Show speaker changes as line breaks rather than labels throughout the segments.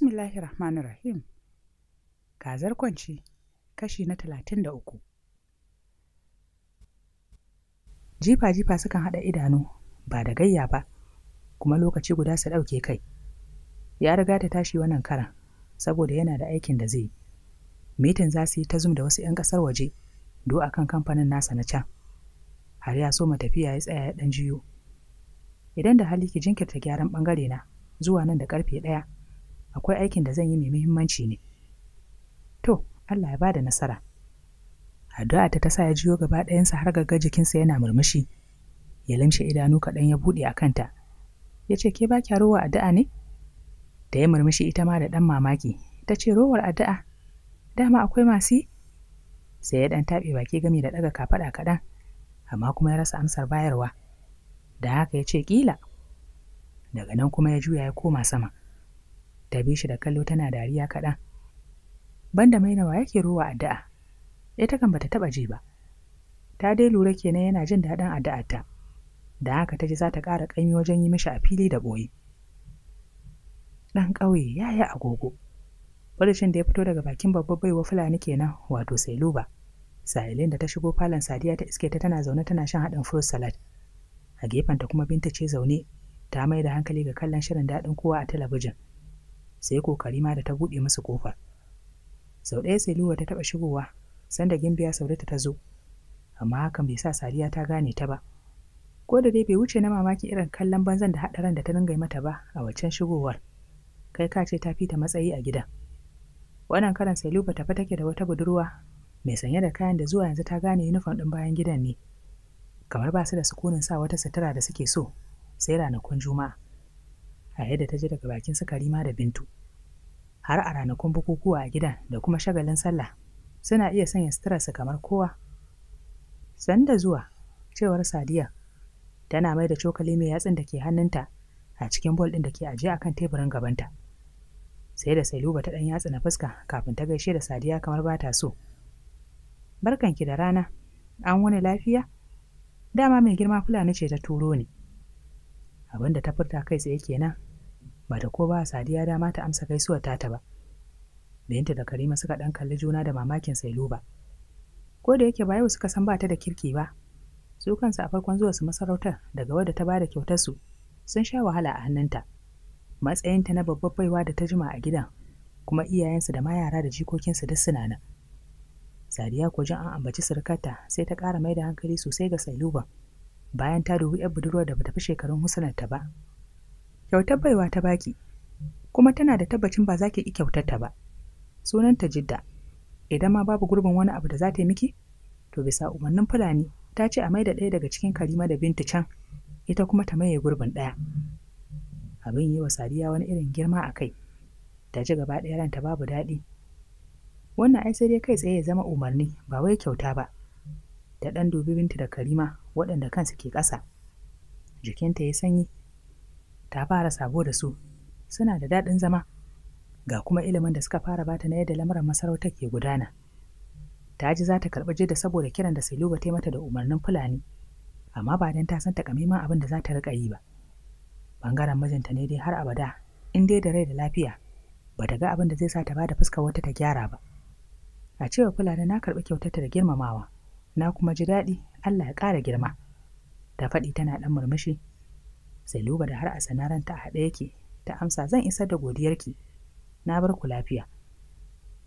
Bismillahir Rahmanir Rahim. Kazar kwanci kashi na talatin da uku. Jifa-jifa sukan haɗa idanu ba da gayya ba, kuma lokaci guda su ɗauke kai. Ya riga ta tashi wannan karan, saboda yana da aikin da zai yi. Mitin za su yi ta zum da wasu ‘yan ƙasar waje, do a kan kamfanin nasa na can. Har ya so tafiya ya tsaya ya ɗan jiyo. Idan da hali ki jinkirta gyaran ɓangare na, zuwa nan da ƙarfe ɗaya, akwai aikin da zan yi mai muhimmanci ne to Allah ya ba da nasara addu'a ta ta sa ya jiyo gaba ɗayansa har gagga jikinsa yana murmushi ya limshe idanu kaɗan ya buɗe a kanta ya ce ke ba kya rowa addu'a ne da ya murmushi ita ma da ɗan mamaki ta ce rowar addu'a dama akwai masu sai ya ɗan taɓe baki gami da ɗaga kafaɗa kaɗan amma kuma ya rasa amsar bayarwa da haka ya ce ƙila daga nan kuma ya juya ya koma sama ta bi shi da kallo tana dariya kaɗan banda mainawa yake rowa addu'a ita kan bata taɓa ji ba ta dai lura kenan yana jin daɗin addu'arta da haka ta ji za ta ƙara ƙanyi wajen yi mishi a fili da ɓoye ɗan ƙauye ya yi agogo Fadashin da ya fito daga bakin babban baiwa Fulani kenan wato Sailuba. Sailin da ta shigo falon Sadiya ta iske ta tana zaune tana shan haɗin fruit salad. A gefenta kuma Binta ce zaune ta mai da hankali ga kallon shirin daɗin kowa a talabijin. sai ko karima da ta buɗe musu kofar sau ɗaya sai luwa ta taɓa shigowa sanda gimbiya saurata ta zo amma hakan bai sa sariya ta gane ta ba ko da dai bai wuce na mamaki irin kallon banzan da haɗaran da ta dinga mata ba a waccan shigowar kai ka ce ta fita matsayi a gidan wannan karan sai luba ta take da wata budurwa mai sanye da kayan da zuwa yanzu ta gane yunifom ɗin bayan gidan ne kamar ba su da sukunin sa wata sutura da suke so sai ranakun juma'a a yadda ta ji daga bakin su Karima da Bintu. Har a ranakun bukukuwa a gidan da kuma shagalin sallah suna iya sanya stress kamar kowa. Sanda zuwa, cewar Sadiya tana mai da cokali mai yatsun da ke hannunta a cikin bol ɗin da ke ajiye akan teburin gabanta. Sai da Sailuba ta ɗan yatsa na fuska kafin ta gaishe da Sadiya kamar ba ta so. Barkanki da rana, an wani lafiya? Dama mai girma Fulani ce ta turo ne. Abin da ta furta kai tsaye kenan ba da ko ba sadiya dama ta amsa gaisuwar tata ba da da karima suka dan kalli juna da mamakin sailuba ko da yake ba yau suka san ba ta da kirki ba su kansu a farkon zuwa su masarautar daga wadda ta bada kyautar su sun sha wahala a hannunta matsayinta na babbar baiwa da ta jima a gidan kuma iyayensu da ma yara da jikokinsu duk suna nan sadiya ko jin an ambaci surkarta sai ta ƙara mai da hankali sosai ga sailuban bayan ta dubi yar budurwar da bata fi shekarun ta ba kyautar baiwa ta baki kuma tana da tabbacin ba za ki yi kyautar ta ba sunanta jidda idan ma babu gurbin wani abu da za ta yi miki to bisa umarnin fulani ta ce a maida ɗaya daga cikin karima da binta can ita kuma ta maye gurbin ɗaya abin yi wa sadiya wani irin girma a kai ta ji gaba ɗaya ranta babu daɗi wannan ai sai dai kai tsaye ya zama umarni ba wai kyauta ba ta ɗan dubi binta da karima waɗanda kansu ke ƙasa jikinta ya sanyi ta fara sabo da su suna da daɗin zama ga kuma ilimin da suka fara bata na yadda lamarin masarautar ke gudana ta ji za ta karɓi jida saboda kiran da sai ta mata da umarnin Fulani amma ba dan ta san takamaiman abin da za ta riƙa yi ba bangaren mijinta ne dai har abada in dai da rai da lafiya ba ta ga abin da zai sa ta bada fuska wata ta gyara ba a cewa Fulani na karɓi kyautarta da girmamawa na kuma ji daɗi Allah ya ƙara girma ta faɗi tana ɗan murmushi Zailuba da har a sanaranta a haɗe yake ta amsa zan isar da godiyarki na bar ku lafiya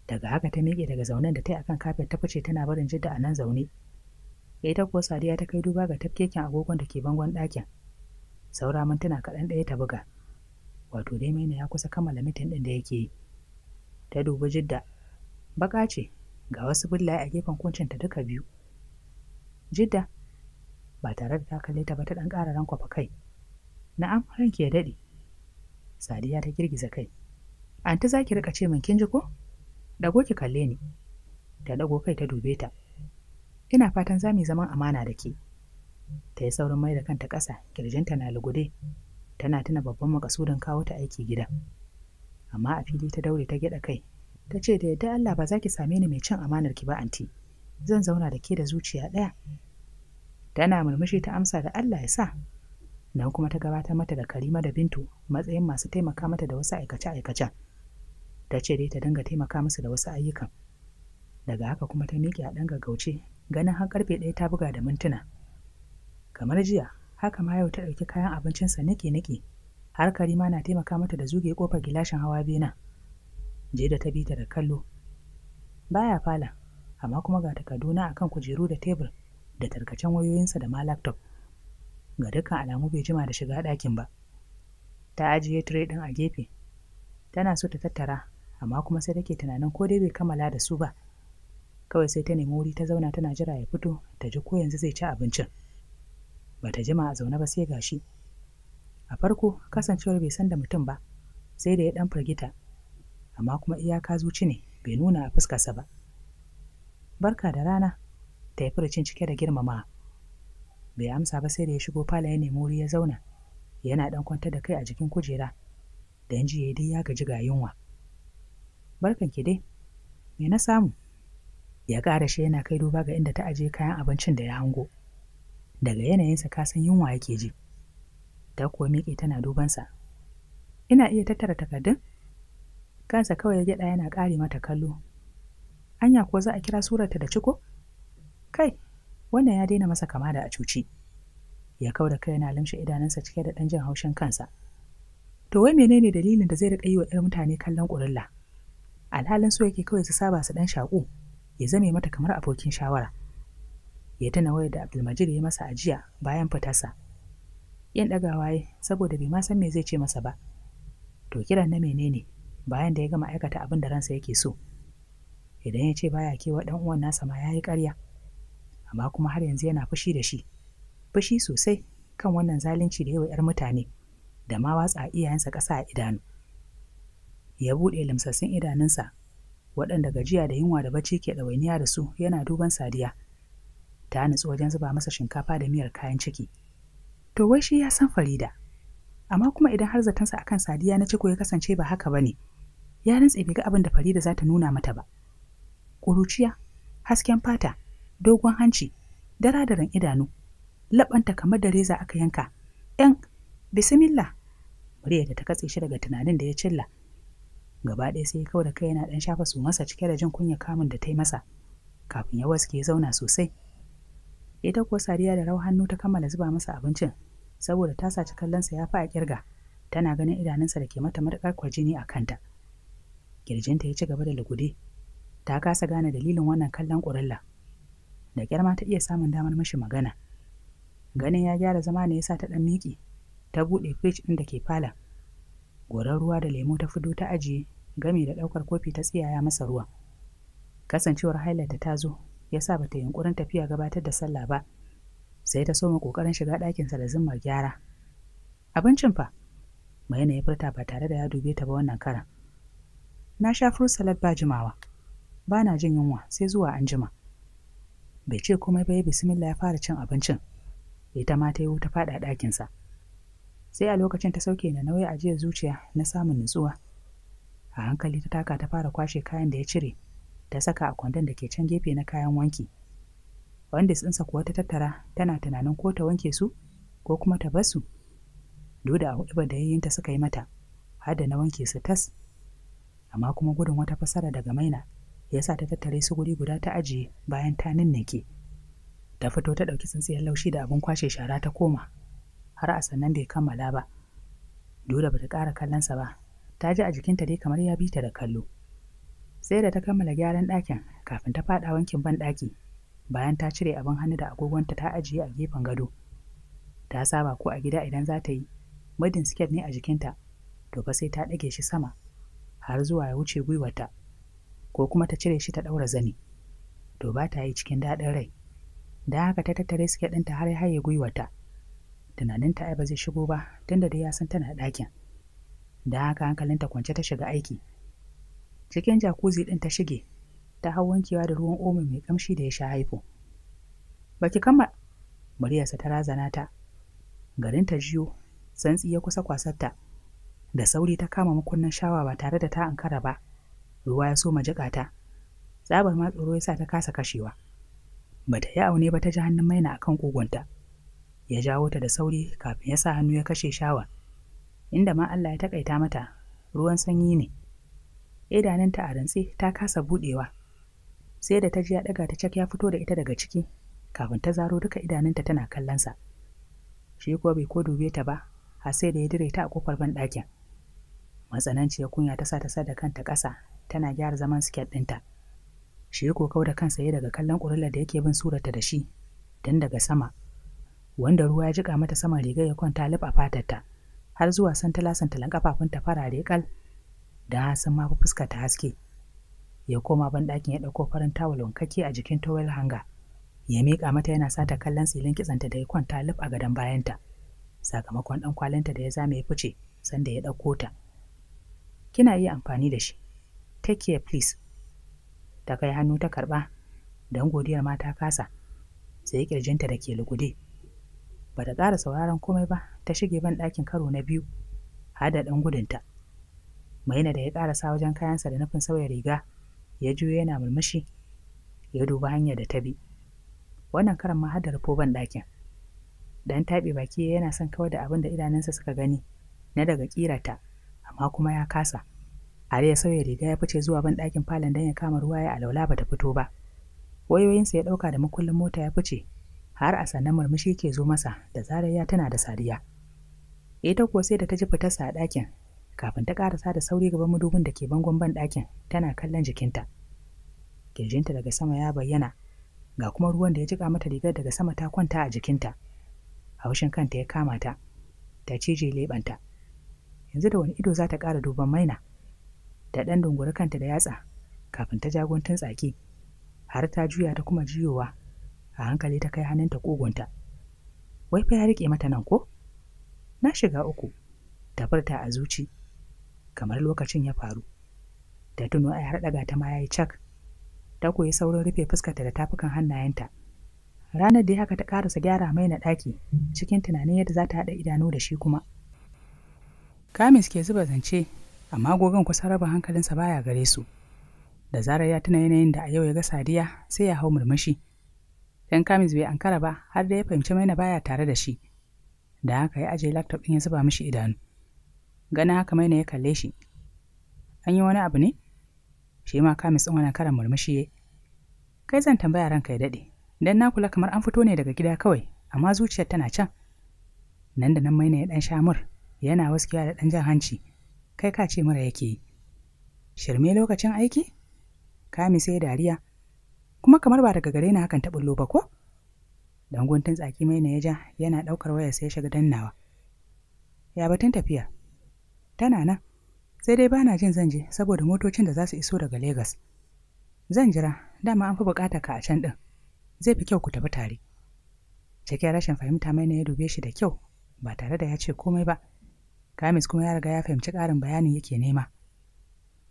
daga haka ta miƙe daga zaunen da ta yi akan kafin ta fice tana barin jidda a nan zaune ita kuwa sadiya ta kai duba ga tafkekin agogon da ke bangon ɗakin saura mintuna kaɗan ɗaya ta buga wato dai maina ya kusa kammala mitin ɗin da yake yi ta dubi jidda baka ce ga wasu billaye a gefen ta duka biyu jidda ba tare da ta kalle ta ba ta ɗan ƙara rankwafa kai na'am ranki ya daɗe sadiya ta girgiza kai anti za ki rika ce min kin ji ko dago ki kalle ni ta dago kai ta dube ta ina fatan za mu zaman amana da ke ta yi saurin mai da kanta ƙasa kirjinta na lugude tana tuna babban makasudin kawo ta aiki gida amma a fili ta daure ta gyaɗa kai ta ce da yadda Allah ba za ki same ni mai cin amanar ki ba anti zan zauna da ke da zuciya ɗaya tana murmushi ta amsa da Allah ya sa Don kuma ta gabatar mata da Karima da Bintu matsayin masu taimaka mata da wasu aikace-aikacen. Ta ce dai ta dinga taimaka musu da wasu ayyukan. Daga haka kuma ta miƙe a ɗan gaggauce ganin har karfe ɗaya ta buga da mintuna. Kamar jiya, haka ma yau ta ɗauki kayan abincinsa nake-nake har Karima na taimaka mata da zuge ƙofar gilashin hawa bena. Je da ta bi ta da kallo. Baya fala, amma kuma ga takarduna akan kujeru da tebur da tarkacen wayoyinsa da ma laptop. ga dukkan alamu bai jima da shiga ɗakin ba ta ajiye tire ɗin a gefe tana so ta tattara amma kuma sai take tunanin ko dai bai kammala da su ba kawai sai ta nemi wuri ta zauna tana jira ya fito ta ji ko yanzu zai ci abincin ba ta jima a zaune ba sai gashi a farko kasancewar bai san da mutum ba sai da ya ɗan firgita amma kuma iyaka zuci ne bai nuna a fuskarsa ba barka da rana ta yi furcin cike da girmamawa bai amsa ba sai da ya shigo fala ya nemi wuri ya zauna yana dan kwanta da kai a jikin kujera dan ya dai ya gaji ga yunwa barkan ki dai me na samu ya ƙara shi yana kai duba ga inda ta aje kayan abincin da ya hango daga yanayinsa ka san yunwa yake ji ta kuwa miƙe tana dubansa ina iya tattara takardun kansa kawai ya gyaɗa yana ƙare mata kallo anya ko za a kira surarta da ciko kai wannan ya daina masa kama da a cuci ya kau da kai yana lamshe idanunsa cike da ɗan jin haushin kansa to wai menene dalilin da zai riƙa yi wa 'yar mutane kallon ƙurilla alhalin so yake kawai su saba su ɗan shaƙo ya zame mata kamar abokin shawara ya tana wayar da abdulmajid ya masa ajiya bayan fitarsa yin ɗagawa ya saboda bai ma san me zai ce masa ba to kiran na menene bayan da ya gama aikata abin da ransa yake so idan ya ce baya kewa ɗan uwan nasa ma ya yi ƙarya amma kuma har yanzu yana fushi da shi fushi sosai kan wannan zalunci da yawa 'yar mutane da ma watsa iyayensa ƙasa a idanu ya buɗe lamsassun idanunsa waɗanda gajiya da yunwa da bacci ke ɗawainiya da su yana duban sadiya ta nutsu wajen zuba masa shinkafa da miyar kayan ciki to wai shi ya san farida amma kuma idan har zatansa akan sadiya na ciko ya kasance ba haka ba ne ya rantsa bai ga abin da farida za ta nuna mata ba ƙuruciya hasken fata dogon hanci daradaran idanu labanta kamar da reza aka yanka yan bismillah muryar da ta katse shi daga tunanin da ya cilla gaba ɗaya sai kawai da kai yana ɗan shafa su masa cike da jin kunya kamun da ta yi masa kafin ya waske ya zauna sosai ita kuwa sariya da rawar hannu ta kammala zuba masa abincin saboda ta saci kallonsa ya fi a kirga tana ganin idanunsa da ke mata matuƙar kwarjini a kanta kirjinta ya ci gaba da lugude ta kasa gane dalilin wannan kallon ƙurilla da kyar ma ta iya samun damar mashi magana ganin ya gyara zama ne yasa ta ɗan miƙe ta buɗe fridge ɗin da ke falon goran ruwa da lemo ta fido ta ajiye gami da ɗaukar kofi ta tsiyaya masa ruwa kasancewar hailata ta zo ya sa bata yunkurin tafiya gabatar da sallah ba sai ta soma ƙoƙarin shiga ɗakinsa da zimmar gyara abincin fa maina ya furta ba tare da ya dube ta ba wannan karan na sha fruit salad ba jimawa ba na jin yunwa sai zuwa anjima bai ce komai ba ya bismillah ya fara cin abincin ita ma ta yi wuta faɗa ɗakinsa sai a lokacin ta sauke na nauyi ajiyar zuciya na samun nutsuwa a hankali ta taka ta fara kwashe kayan da ya cire ta saka a kwandon da ke can gefe na kayan wanki wanda tsinsa kuwa ta tattara tana tunanin ko ta wanke su ko kuma ta basu duk da a da yayyinta suka yi mata har da na wanke su tas amma kuma gudun wata fasara daga maina Ya sa ta tattare su guri guda ta ajiye bayan ta ninnake ta fito ta ɗauki tsintsiyar laushi da abin kwashe shara ta koma har a sannan bai kammala ba dole bata ƙara sa ba ta ji a jikinta dai kamar ya bi ta da kallo sai da ta kammala gyaran ɗakin kafin ta faɗa wankin ban ɗaki bayan ta cire abin hannu da agogonta ta ajiye a gefen gado ta saba ko a gida idan za ta yi muddin siket ne a jikinta to ba sai ta ɗage shi sama har zuwa ya wuce gwiwarta ko kuma ta cire shi ta ɗaura zani to ba ta yi cikin daɗin rai da haka ta tattare suke ɗinta har ya haye gwiwata tunaninta ai ba zai shigo ba tunda dai ya san tana ɗakin da haka hankalinta kwance ta shiga aiki cikin jakuzi ɗin ta shige ta hau wankewa da ruwan omo mai ƙamshi da ya sha haifo baki kama muryarsa ta razana ta garin ta jiyo santsi ya kusa kwasarta da sauri ta kama makunnan shawa ba tare da ta ankara ba ruwa ya so ma jiƙa ta tsabar ma tsoro ya sa ta kasa kashewa Ba ta yi aune ba ta ji hannun maina akan kogonta ya jawo ta da sauri kafin ya sa hannu ya kashe shawa inda ma Allah ya takaita mata ruwan sanyi ne idanunta a rantsi ta kasa budewa sai da ta ji ya daga ta cak ya fito da ita daga ciki kafin ta zaro duka idanunta tana kallon sa. shi kuwa bai ko dube ta ba har sai da ya dire ta a kofar ban ɗakin matsananciyar kunya ta sa ta sa da kanta ƙasa tana gyara zaman siket ɗinta. Shi ya kokau da kansa ya daga kallon ƙurilla da yake bin surata da shi, tun daga sama. Wanda ruwa ya jiƙa mata saman riga ya kwanta lif a fatarta, har zuwa san santala talan ƙafafunta fara ƙal, da sun ma fuska ta haske. Ya koma ban ɗakin ya ɗauko farin tawul wankakke a jikin towel hanga. Ya miƙa mata yana sata kallon silin kitsanta da ya kwanta lif a gadon bayanta. Sakamakon ɗan kwalinta da ya zame ya fice, sanda ya ɗauko ta. Kina iya amfani da shi, take care please ta kai hannu ta karɓa don godiyar ma ta kasa sai kirjinta da ke lugude ba ta ƙara sauraron komai ba ta shige ban ɗakin karo na biyu har da ɗan gudunta maina da ya ƙarasa wajen kayansa da nufin sauya riga ya juyo yana murmushi ya duba hanyar da ta bi wannan karan ma har da rufo ban ɗakin dan taɓe baki yana son kawar da abin da idanunsa suka gani na daga ƙirata amma kuma ya kasa Ali ya sauya riga ya fice zuwa ban ɗakin falon don ya kama ruwa ya alaula ba ta fito ba. Wayoyinsa ya ɗauka da makullin mota ya fice, har a sannan murmushi ke zo masa da zarar ya tana da sadiya. Ita kuwa sai da ta ji fitarsa a ɗakin, kafin ta ƙarasa da sauri gaban madubin da ke bangon ban ɗakin tana kallon jikinta. Kirjinta daga sama ya bayyana, ga kuma ruwan da ya jiƙa mata rigar daga sama ta kwanta a jikinta. Haushin kanta ya kama ta, ta cije leɓanta. Yanzu da wani ido za ta ƙara duban maina. Da ɗan dunguri kanta da yatsa kafin ta jaguntun tsaki har ta juya ta kuma jiyowa a hankali ta kai hannunta kogonta wai fa ya riƙe mata nan ko na shiga uku ta furta a zuci kamar lokacin ya faru da tuno ai har ɗaga ta ma ya yi cak ta koyi saurin rufe fuskarta da tafukan hannayenta ranar da haka ta karasa gyara mai na ɗaki cikin tunanin yadda za ta haɗa idanu da shi kuma kamis ke zuba zance amma gogon kusa raba hankalinsa baya gare su da zarar ya tuna yanayin da a yau ya ga sadiya sai ya hau murmushi dan kamis bai ankara ba har da ya fahimci maina baya tare da shi da haka ya ajiye laptop ɗin ya zuba mishi idanu gana haka maina ya kalle shi an yi wani abu ne shi ma kamis ɗin wani karan murmushi ya kai zan tambaya ranka ya daɗe dan na kula kamar an fito ne daga gida kawai amma zuciyar tana can nan da nan maina ya ɗan shamur yana waskiya da ɗan jan hanci kai ka ce mara yake yi shirme lokacin aiki kami sai dariya kuma kamar ba daga gare ni hakan taɓin loba ko danguntun tsaki mai na ya ja yana ɗaukar wayar sai shiga dannawa ya batun tafiya tana nan sai dai bana jin zan je saboda motocin da za su iso daga Legas. Zan jira, dama an fi buƙata ka a can ɗin. Zai fi kyau ku tafi tare. Cikin rashin fahimta mai na ya dube shi da kyau, ba tare da ya ce komai ba. Kamis kuma ya riga ya fahimci ƙarin bayanin yake nema.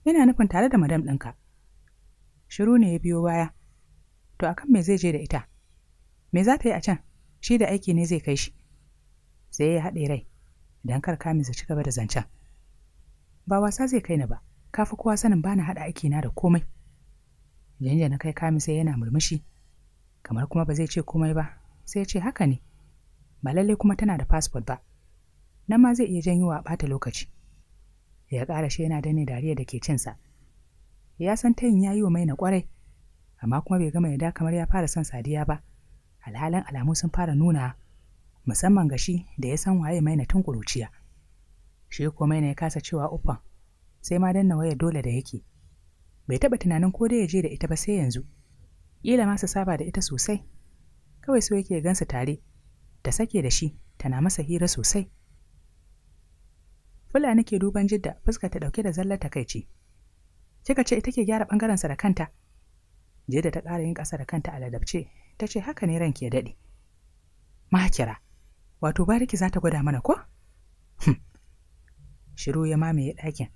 Yana nufin tare da madam ɗinka. Shiru ne ya biyo baya. To akan me zai je da ita? Me za ta yi a can? Shi da aiki ne zai kai shi. Sai ya haɗe rai, don kar Kamis ya ci gaba da zancen. Ba wasa zai kai ni ba, kafi kowa sanin bana haɗa na da komai. Janja na kai Kamis sai yana murmushi, kamar kuma ba zai ce komai ba, sai ya ce haka ne. Ba lallai kuma tana da fasfot ba. nan ma zai iya janyo a ɓata lokaci ya ƙara shi yana dane dariya da ke cinsa ya san tayin ya yi wa maina kwarai. amma kuma bai gama yadda kamar ya fara son sadiya ba alhalin alamu sun fara nuna musamman ga shi da ya san waye maina tun ƙuruciya shi ko maina ya kasa cewa uffan sai ma danna wayar dole da yake bai taɓa tunanin ko dai ya je da ita ba sai yanzu ƙila ma su saba da ita sosai kawai so yake gansa tare ta sake da shi tana masa hira sosai Fulani nake duban jidda fuska ta ɗauke da zallar takaici. Kika ce ita ke gyara sa da kanta? Jidda ta ƙara yin ƙasa da kanta a ladabce, ta ce haka ne ranki ya daɗe. Makira, wato bariki za ta gwada mana ko? Hm. Shiru ya mamaye ɗakin.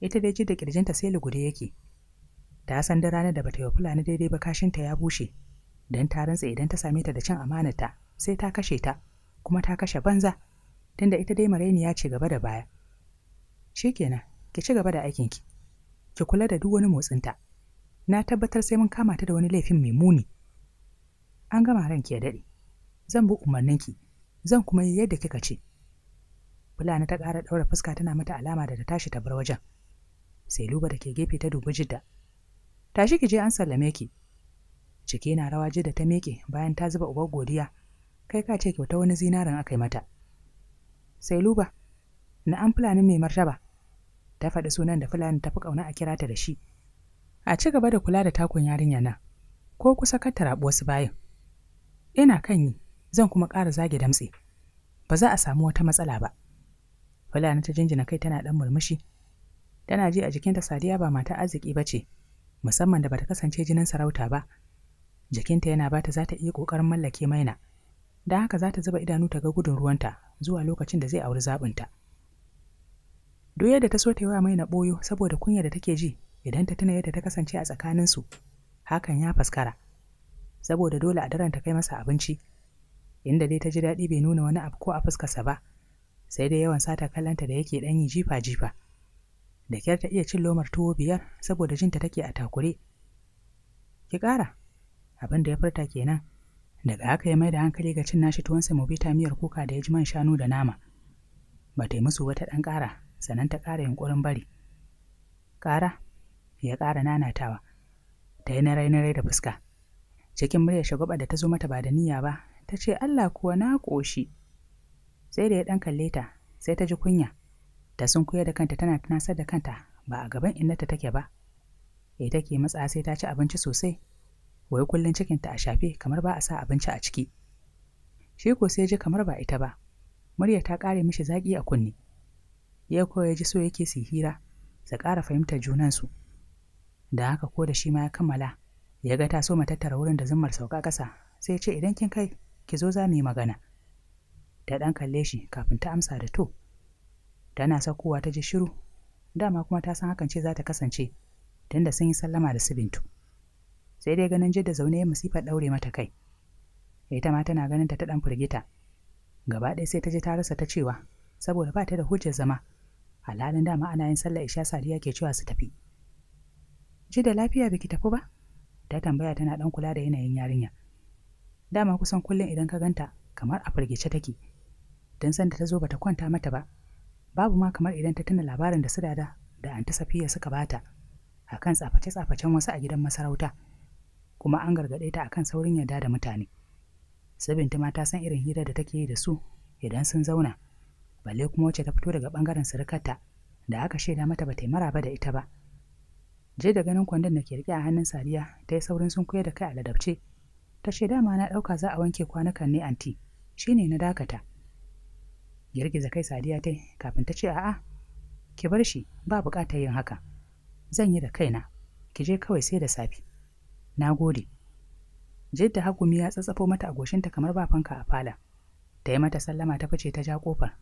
Ita dai jidda ƙirjinta sai lugude yake. Ta san da ranar da bata yi Fulani daidai ba kashinta ya bushe, don ta sa idan ta same ta da cin amanar ta, sai ta kashe ta, kuma ta kashe banza, tunda ita dai marainiya ce gaba da baya. shikenan ki ci gaba da aikin ki ki kula da duk wani motsinta na tabbatar sai mun kama ta da wani laifin mai muni an gama ranki ya daɗe zan bi umarnin ki zan kuma yi yadda kika ce fulani ta ƙara ɗaura fuska tana mata alama da ta tashi ta bar wajen sai luba da ke gefe ta dubi jidda tashi ki je an sallame ki ciki na rawa jidda ta meke bayan ta zuba ubar godiya kai ka ce kyauta wani zinarin aka yi mata sai luba na an fulani mai martaba ta faɗi sunan da fulani ta fi ƙauna a kira ta da shi a ci gaba da kula da takun yarinya na, ko kusa kar ta rabu wasu bayan ina kan yi zan kuma ƙara zage damtse ba za a samu wata matsala ba fulani ta jinjina kai tana ɗan murmushi tana ji a jikinta sadiya ba mata arziki ba ce musamman da bata kasance jinin sarauta ba jikinta yana ba ta za ta iya ƙoƙarin mallake maina don haka za ta zuba idanu ta ga gudun ruwanta zuwa lokacin da zai auri zaɓinta. ta duk yadda ta so ta yi wa mai na ɓoyo saboda kunya da take ji idan ta tuna yadda ta kasance a tsakaninsu hakan ya faskara saboda dole a daren ta kai masa abinci inda dai ta ji daɗi bai nuna wani abu ko a fuskarsa ba sai dai yawan sata kallanta da yake ɗanyi jifa-jifa da kyar ta iya cin lomar tuwo biyar saboda jinta take a takure ki ƙara abin da ya furta kenan daga haka ya mai da hankali ga cin nashi tuwon samobita miyar kuka da ya ji man shanu da nama ba ta yi musu wata ɗan ƙara sannan ta ƙara yunƙurin bari ƙara ya ƙara nanatawa ta yi narai-narai da fuska cikin murya shagwaba da ta zo mata ba da niyya ba ta ce allah kuwa na koshi. sai da ya ɗan kalle ta sai ta ji kunya ta sunkuya da kanta tana tunasar da kanta ba a gaban innata take ba e take matsa sai ta ci abinci sosai wai kullum cikinta a shafe kamar ba a sa abinci a ciki shi ko sai ji kamar ba ita ba murya ta ƙare mishi zaƙi a kunne ya koya ji so yake su hira su ƙara fahimtar junansu da haka ko da shi ma ya kammala ya ga ta so ma tattara wurin da zummar sauka ƙasa sai ce idan kin kai ki zo za mu yi magana ta ɗan kalle shi kafin ta amsa da to tana kowa ta ji shiru dama kuma ta san hakan ce za ta kasance tunda sun yi sallama da sibintu sai dai ganin jidda zaune ya masifar ɗaure mata kai ita ma tana ganin ta ta ɗan firgita gaba ɗaya sai ta ji ta rasa ta cewa saboda ba ta da hujjar zama alhalin dama ana yin sallar isha sadiya ke cewa su tafi ji da lafiya biki tafi ba ta tambaya tana dan kula da yanayin yarinya dama kusan kullum idan ka ganta kamar a firgice take dan san da ta zo bata kwanta mata ba babu ma kamar idan ta tuna labarin da su dada da anta safiya suka bata akan tsaface-tsafacen wasu a gidan masarauta kuma an gargade ta akan saurin yarda da mutane sabinta ma ta san irin hira da take yi da su idan sun zauna balle kuma wacce ta fito daga ɓangaren surukarta da aka shaida mata bata yi maraba da ita ba je da ganin kwandon da ke rike a hannun sadiya ta yi saurin sun da kai a ladabce ta ce ma na ɗauka za a wanke kwanukan ne anti shine na dakata girgiza kai sadiya ta kafin ta ce a'a ki bar shi ba buƙatar yin haka zan yi da kaina ki je kawai sai da safe na gode jidda hagumi ya tsatsafo mata a goshinta kamar ba fanka a fala ta yi mata sallama ta fice ta ja kofar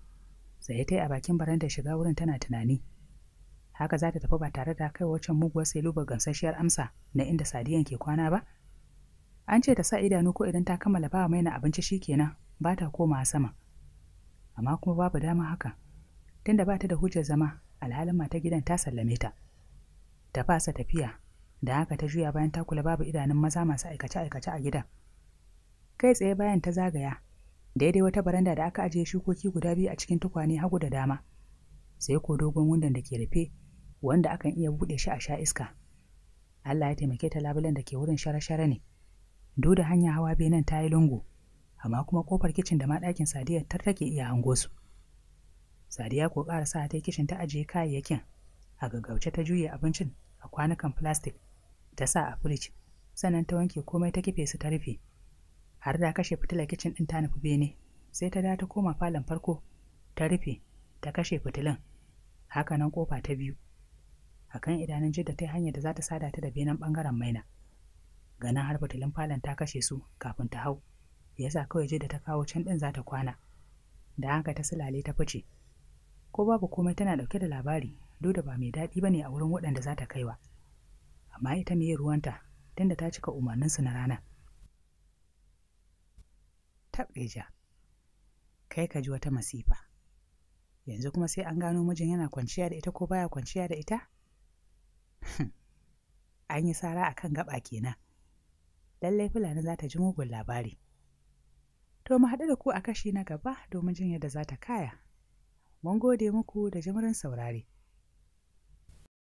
Tsaye ta yi a bakin baranda shiga wurin tana tunani. Haka za ta tafi ba tare da kai waccan muguwar sai lubar gamsasshiyar amsa na inda sadiyan ke kwana ba? An ce ta sa idanu ko idan ta kammala ba mai na abinci shikenan ba ta koma sama. Amma kuma babu dama haka. Tunda ba ta da hujjar zama alhalin mata gidan ta sallame ta. Ta fasa tafiya da haka ta juya bayan ta kula babu idanun maza masu aikace-aikace a gidan. Kai tsaye bayan ta zagaya daidai wata baranda da aka ajiye shukoki guda biyu a cikin tukwane hagu da dama sai ko dogon wundan da ke rufe wanda akan iya buɗe shi a sha iska Allah ya taimake ta labulen da ke wurin share-share ne Duk da hanya hawa nan ta yi lungu amma kuma kofar kicin da ma ɗakin sadiya ta take iya hango su sadiya ko ƙara sa ta kishin ta ajiye kayayyakin a gaggauce ta juye abincin a kwanukan plastic ta sa a firij sannan ta wanke komai ta kife su ta rufe har da kashe fitilar kicin ɗin ta nufi bene sai ta da ta koma falon farko ta rufe ta kashe fitilun haka nan kofa ta biyu A kan idanun jidda ta hanyar da za ta sada ta da benen ɓangaren maina ganin har fitilun falon ta kashe su kafin ta hau ya sa kawai jidda ta kawo can ɗin za ta kwana da haka ta silale ta fice ko babu komai tana ɗauke da labari duk da ba mai daɗi ba ne a wurin waɗanda za ta kaiwa amma ita me ruwanta tunda ta cika umarninsu na rana ja. kai ka ji wata masifa yanzu kuma sai an gano mijin yana kwanciya da ita ko baya kwanciya da ita hmm, an yi sara a kan gaba kenan lallai fulani za ta ji mugun labari to mu haɗu da ku a kashi na gaba domin jin yadda za ta kaya mun gode muku da jimirin saurare